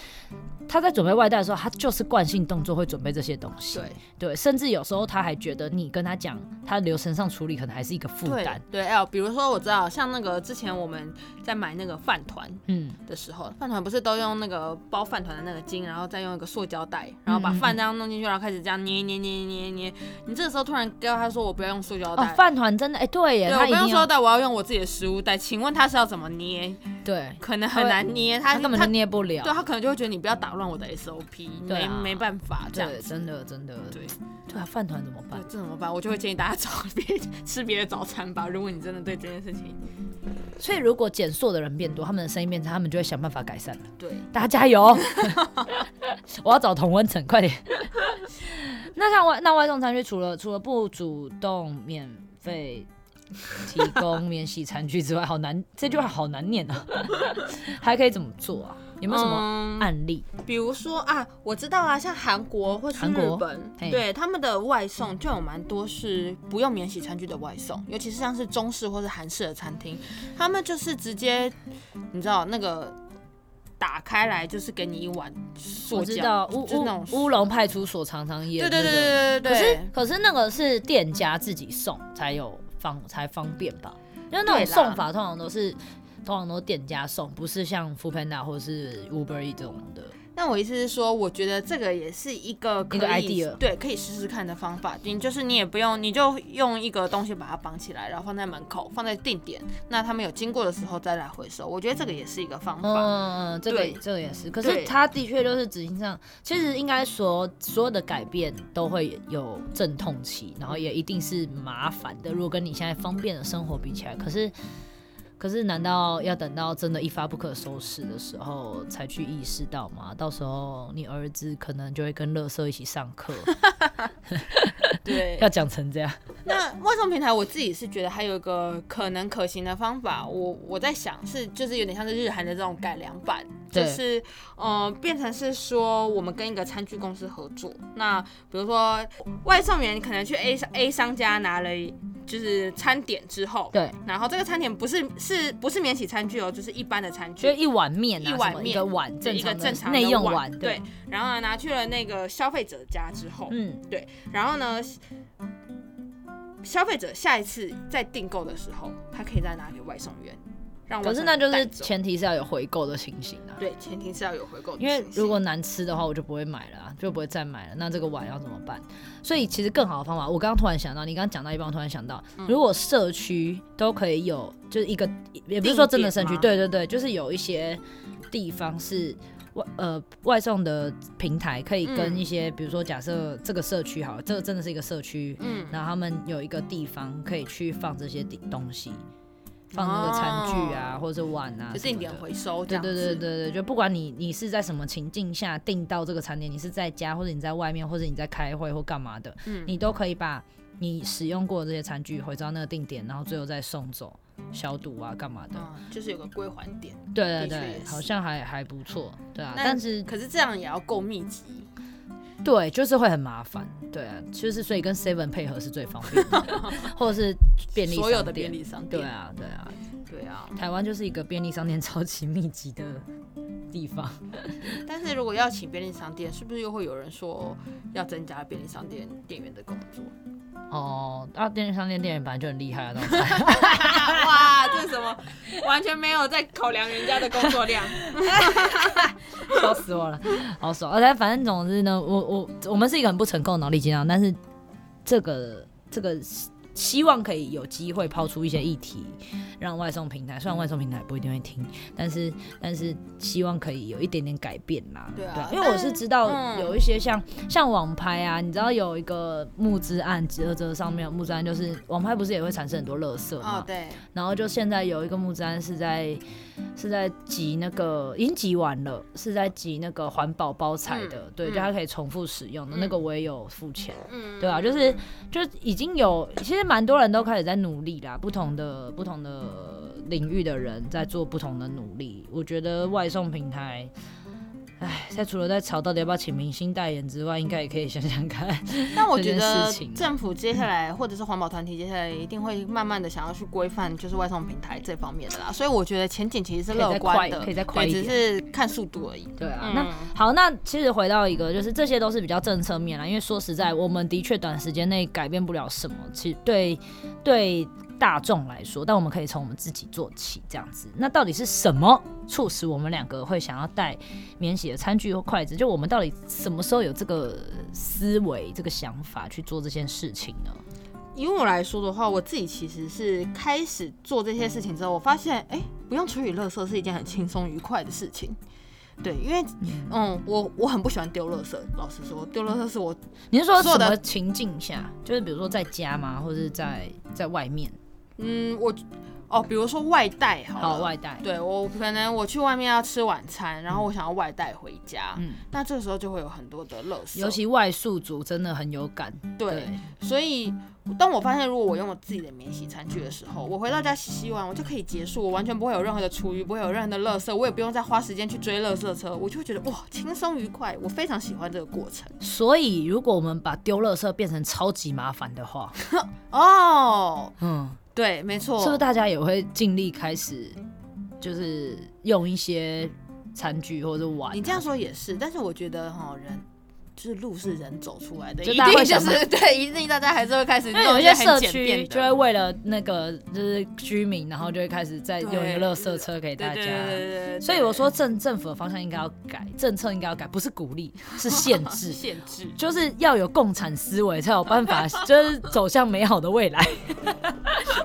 他在準備外帶的時候，他就是慣性動作會準備這些東西。嗯、對對，甚至有時候他還覺得你跟他講，他流程上處理可能還是一個負擔。對，哎，比如說我知道，像那個之前我們在買那個飯糰，嗯的時候，飯糰、嗯、不是都用那個包飯糰的那個筋，然後再用一個塑膠袋，然後把飯這樣弄進去，然後開始這樣捏捏捏捏捏捏。你這個時候突然跟他說，我不要用塑膠袋，飯糰真的哎，對耶，對，不用塑膠袋，我要用我自己的食物袋。請問他是要怎麼捏？對，可能很難捏，他根本就捏不了。對，他可能就會覺得，你不要打亂我的 SOP，沒沒辦法這樣，對，真的真的，對對，飯糰怎麼辦？這怎麼辦？我就會建議大家找別吃別的早餐吧。如果你真的對這件事情，所以如果減塑的人變多，他們的生意變差，他們就會想辦法改善，對，大家加油！我要找同溫層，快點。那像外那外送餐具除了除了不主動免費提供免洗餐具之外， *laughs* 好難，這句話好難念啊！還可以怎麼做啊？有沒有什麼案例？嗯、比如說啊，我知道啊，像韓國或是日本，國對，他們的外送就有蠻多是不用免洗餐具的外送，尤其是像是中式或是韓式的餐廳，他們就是直接你知道那個。打開來就是給你一碗，我知道烏烏烏龍派出所常常演對對對。可是可是那個是店家自己送才有方才方便吧，因為那種送法通常都是通常都店家送，不是像 Foodpanda 或是 Uber Eats 這種的。那我意思是說，我覺得這個也是一個可以、對，可以試試看的方法。你就是你也不用，你就用一個東西把它綁起來，然後放在門口，放在定點。那他們有經過的時候再來回收。我覺得這個也是一個方法。嗯，這個、嗯嗯嗯嗯、這個也是。對可是它的確就是執行上，對其實應該說所有的改變都會有陣痛期，然後也一定是麻煩的。如果跟你現在方便的生活比起來，可是。可是，難道要等到真的一發不可收拾的時候才去意識到嗎？到時候你兒子可能就會跟垃圾一起上課。對，要講成這樣那。那外送平台，我自己是覺得還有一個可能可行的方法，我我在想是就是有點像是日韓的這種改良版。對就是，呃，變成是說，我們跟一個餐具公司合作。那比如說，外送員可能去 A A 商家拿了就是餐點之後，對，然後這個餐點不是是不是免洗餐具哦，就是一般的餐具，就一碗麵、啊，一碗麵，一個碗，一個對正常的內用碗，對。然後拿去了那個消費者家之後，嗯，對。然後呢，消費者下一次再訂購的時候，他可以再拿給外送員。可是那就是前提是要有回購的情形啊。對，前提是要有回購。因為如果難吃的話，我就不會買了、啊，就不會再買了。那這個碗要怎麼辦？所以其實更好的方法，我剛剛突然想到，你剛剛講到一半，我突然想到，嗯、如果社區都可以有，就是一個也不是說真的社區，對對對，就是有一些地方是外呃外送的平台，可以跟一些、嗯、比如說假設這個社區好了，這個真的是一個社區，嗯，然後他們有一個地方可以去放這些東西。放那個餐具啊，oh, 或者是碗啊，就是定點回收這樣子，對對對對對，就不管你你是在什麼情境下訂到這個餐點，你是在家或者你在外面，或者你在開會或幹嘛的，嗯，你都可以把你使用過的這些餐具回到那個定點，然後最後再送走消毒啊幹嘛的，就是有個歸還點。對對對，好像還還不錯，對啊，那但是可是這樣也要夠密集。對，就是會很麻煩，對啊，就是所以跟 Seven 配合是最方便的。 *laughs* 或者是便利商店，所有的便利商店，對啊，對啊，對啊，台灣就是一個便利商店超級密集的地方。 *laughs* 但是如果要請便利商店，是不是又會有人說、哦、要增加便利商店店員的工作？哦，啊，電商店電影反正就很厲害西、啊。 *laughs* 哇， *laughs* 這是什麼？完全沒有在考量人家的工作量，笑, *laughs* 死我了，好爽！而、啊、且反正總之呢，我我我們是一個很不成功的腦力激盪，但是這個這個。希望可以有機會拋出一些議題，讓外送平台，雖然外送平台不一定會聽，但是但是希望可以有一點點改變啦。對啊對，因為我是知道有一些像、嗯、像網拍啊，你知道有一個募資案，集合者上面有募資案，就是網拍不是也會產生很多垃圾嘛、哦？對。然後就現在有一個募資案是在是在集，那個已經集完了，是在集那個環保包材的，嗯、對，就它可以重複使用的、嗯、那個我也有付錢，嗯，對啊，就是就已經有其實。蠻多人都開始在努力啦，不同的不同的領域的人在做不同的努力。我覺得外送平台。唉，現在除了在吵到底要不要請明星代言之外，嗯、應該也可以想想看，嗯。但我覺得政府接下來，或者是環保團體接下來，一定會慢慢的想要去規範，就是外送平台這方面的啦。所以我覺得前景其實是樂觀的，可以可以再快一點，只是看速度而已。對啊，嗯、那好，那其實回到一個，就是這些都是比較政策面啦。因為說實在，我們的確短時間內改變不了什麼。其實對對。大眾來說，但我們可以從我們自己做起，這樣子。那到底是什麼促使我們兩個會想要帶免洗的餐具或筷子？就我們到底什麼時候有這個思維、這個想法去做這件事情呢？以我來說的話，我自己其實是開始做這些事情之後，我發現，哎、欸，不用處理垃圾是一件很輕鬆愉快的事情。對，因為，嗯，我我很不喜歡丟垃圾。老實說，丟垃圾是我的。你是說什麼情境下？就是比如說在家嗎？或者在在外面？嗯，我哦，比如說外帶，好，外帶，對我可能我去外面要吃晚餐，然後我想要外帶回家，嗯，那這時候就會有很多的垃圾，尤其外宿族真的很有感，對，對，所以當我發現如果我用我自己的免洗餐具的時候，我回到家洗洗碗，我就可以結束，我完全不會有任何的廚餘，不會有任何的垃圾，我也不用再花時間去追垃圾車，我就會覺得哇，輕鬆愉快，我非常喜歡這個過程。所以如果我們把丟垃圾變成超級麻煩的話， *laughs* 哦，嗯。對，沒錯，是不是大家也會盡力開始，就是用一些餐具或者碗啊？你這樣說也是，但是我覺得，很好人。就是路是人走出來的，大家一定就是對，一定大家還是會開始。但有些社區就會為了那個就是居民，然後就會開始在用一個垃圾車給大家。對對，對，對，對，對，對，對。所以我說政政府的方向應該要改，政策應該要改，不是鼓勵，是限制。 *laughs* 限制。就是要有共產思維，才有辦法，就是走向美好的未來。 *laughs*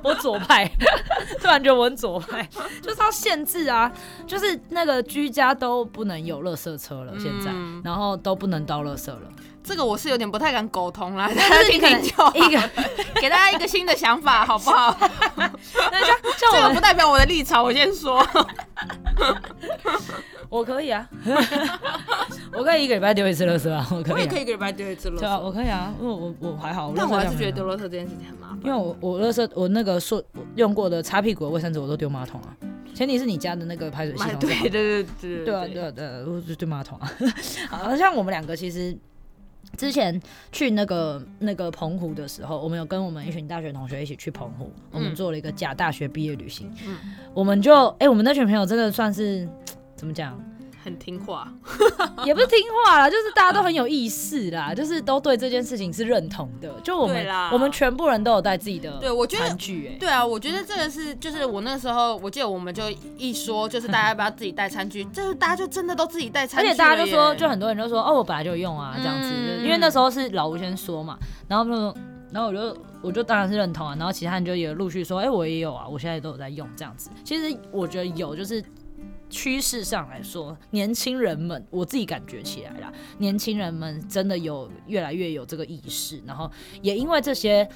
我左派， *laughs* 突然覺得我很左派，就是他限制啊，就是那個居家都不能有垃圾車了，現在，嗯、然後都不能倒垃圾走了，這個我是有點不太敢苟同啦。但是你可就一個，給大家一個新的想法，好不好？那像 *laughs* 像我們，不代表我的立場。我先說， *laughs* 我可以啊， *laughs* 我可以一個禮拜丟一次垃圾啊，我可以、啊，我也可以一個禮拜丟一次，對啊，我可以啊，因為我我，我還好。但我，我還是覺得丟垃圾這件事情很麻煩，因為我我垃圾我那個說我用過的擦屁股的衛生紙我都丟馬桶啊。前提是你家的那個排水系統。對對對對對對對對馬桶。啊，好像我們兩個，其實之前去那個那個澎湖的時候，我們有跟我們一群大學同學一起去澎湖，我們做了一個假大學畢業旅行。嗯，我們就哎、欸，我們那群朋友真的算是怎麼講？很聽話， *laughs* 也不是聽話啦，就是大家都很有意思啦，啊、就是都對這件事情是認同的。就我們啦我們全部人都有帶自己的、欸，對，我覺得餐具，哎，對啊，我覺得這個是，就是我那時候，我記得我們就一說，就是大家不要自己帶餐具， *laughs* 就是大家就真的都自己帶餐具，而且大家都說，就很多人都說，哦，我本來就用啊，這樣子、嗯就是，因為那時候是老吳先說嘛，然後，然後我就我就當然是認同啊，然後其他人就也陸續說，哎、欸，我也有啊，我現在都有在用這樣子。其實我覺得有就是。趨勢上來說，年輕人們，我自己感覺起來了，年輕人們真的有越來越有這個意識，然後也因為這些，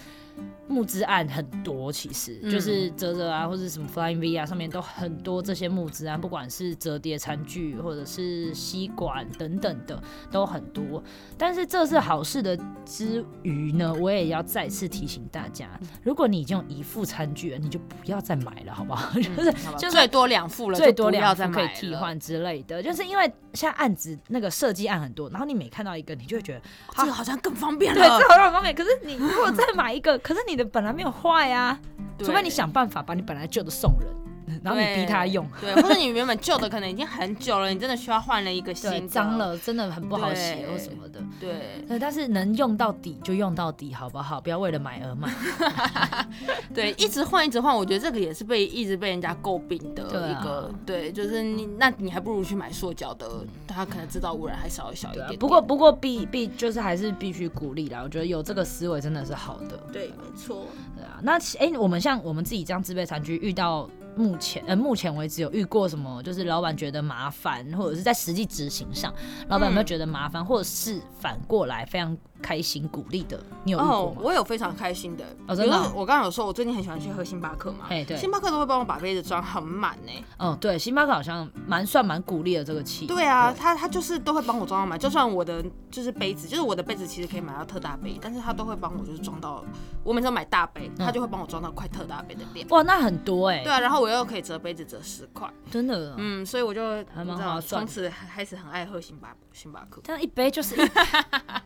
募資案很多，其實、嗯、就是嘖嘖啊，或者什麼 Flying V 啊，上面都很多這些募資案，不管是摺疊餐具或者是吸管等等的都很多。但是這是好事的之餘呢，我也要再次提醒大家，如果你已經有一副餐具了，你就不要再買了，好不好？就是最多兩副了、了，最多兩副可以替換之類的，就是因為。現在案子那個設計案很多，然後你每看到一個，你就會覺得、哦啊、這個好像更方便了。對，這好像很方便。可是你如果再買一個， *laughs* 可是你的本來沒有壞啊，對除非你想辦法把你本來舊的送人。然後你逼他用，對，對，或者你原本舊的可能已經很久了， *laughs* 你真的需要換了一個新，髒了真的很不好洗或什麼的，對，對，但是能用到底就用到底，好不好？不要為了買而買， *laughs* *laughs* 對，一直換一直換，我覺得這個也是被一直被人家詬病的一個，對，啊、對，就是你，那你還不如去買塑膠的，他可能制造污染還稍微小一點，點、啊。不過不過必必就是還是必須鼓勵啦。我覺得有這個思維真的是好的，嗯、對，沒錯，對啊，那哎、欸，我們像我們自己這樣自備餐具，遇到。目前呃，目前為止有遇過什麼？就是老闆覺得麻煩，或者是在實際執行上，老闆有沒有覺得麻煩，或者是反過來非常？開心鼓勵的，你有？哦，我有非常開心的。哦，比如說我剛剛有說，我最近很喜歡去喝星巴克嘛。對。星巴克都會幫我把杯子裝很滿呢。哦，對，星巴克好像蠻算蠻鼓勵的這個氣。對啊，他他就是都會幫我裝到滿，就算我的就是杯子，就是我的杯子其實可以買到特大杯，但是他都會幫我就是裝到我每次買大杯，他就會幫我裝到快特大杯的量。哇，那很多哎。對啊，然後我又可以折杯子折十塊。真的。嗯，所以我就，很知從此開始很愛喝星巴星巴克，這樣一杯就是。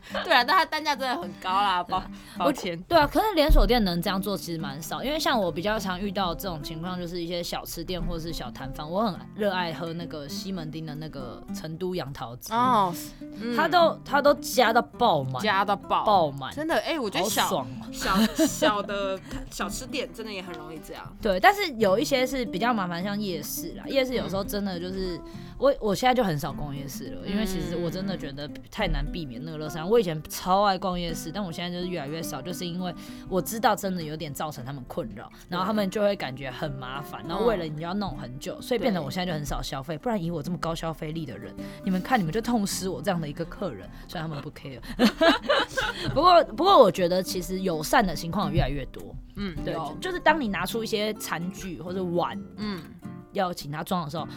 *laughs* 對啊，但它單價真的很高啦，包包錢。對啊，可是連鎖店能這樣做其實蠻少，因為像我比較常遇到這種情況，就是一些小吃店或是小攤販。我很熱愛喝那個西門町的那個成都楊桃汁，哦、嗯，他都它都加到爆滿，加到爆滿，爆滿真的哎、欸，我覺得小好爽、啊、小小的小吃店真的也很容易這樣。 *laughs* 對，但是有一些是比較麻煩，像夜市啦，夜市有時候真的就是。嗯我我現在就很少逛夜市了，因為其實我真的覺得太難避免那個垃圾。嗯、我以前超愛逛夜市，但我現在就是越來越少，就是因為我知道真的有點造成他們困擾，然後他們就會感覺很麻煩，然後為了你要弄很久，哦、所以變得我現在就很少消費。對不然以我這麼高消費力的人，你們看你們就痛失我這樣的一個客人，雖然他們不 care。 *laughs* 不過不過我覺得其實友善的情況越來越多，嗯，對，有就是當你拿出一些餐具或者碗，嗯，要請他裝的時候。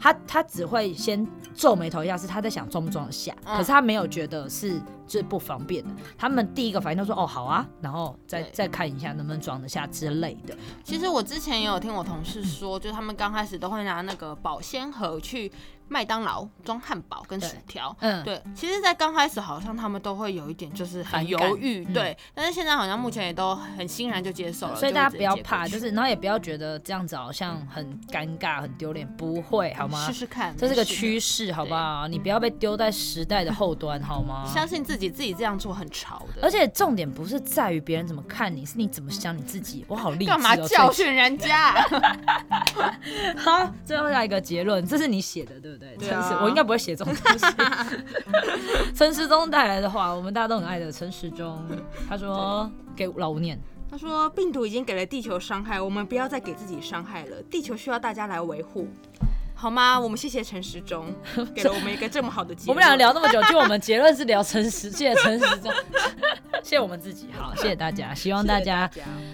他他只會先皺眉頭一下，是他在想裝不裝得下，嗯、可是他沒有覺得是最不方便的。他們第一個反應都說：“哦，好啊，然後再，對對對，再看一下能不能裝得下之類的。”其實我之前也有聽我同事說，就他們剛開始都會拿那個保鮮盒去。麥當勞裝漢堡跟薯條，嗯，嗯，對，其實，在剛開始好像他們都會有一點就是很猶豫，嗯、對，但是現在好像目前也都很欣然就接受了，嗯、所以大家不要怕，就，就是然後也不要覺得這樣子好像很尷尬很丟臉，不會好嗎？試試看，這是個趨勢，好不好？對，你不要被丟在時代的後端，嗯、好嗎？相信自己，自己這樣做很潮的。而且重點不是在於別人怎麼看你，是你怎麼想你自己。我好勵志哦，幹嘛教訓人家？哈，最後來一個結論，這是你寫的，對吧。對，陳時中、啊、我應該不會寫這種東西。陳 *laughs* 時中帶來的話，我們大家都很愛的。陳時中他說給老吳念，他說病毒已經給了地球傷害，我們不要再給自己傷害了。地球需要大家來維護，好嗎？我們謝謝陳時中，給了我們一個這麼好的機會。 *laughs* 我們倆聊那麼久，就我們結論是聊陳時。謝謝陳時中， *laughs* *laughs* 謝謝我們自己。好，謝謝大家，希望大家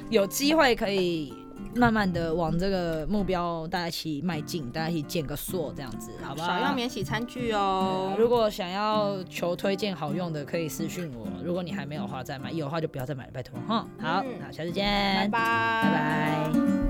有機會可以。慢慢的往這個目標大家一起邁進，大家一起減個塑這樣子，好不好？少用免洗餐具哦。啊、如果想要求推薦好用的，可以私訊我。如果你還沒有話再買，有的話就不要再買了，拜託哈。好，嗯、那下次見，拜拜拜拜。拜拜拜拜。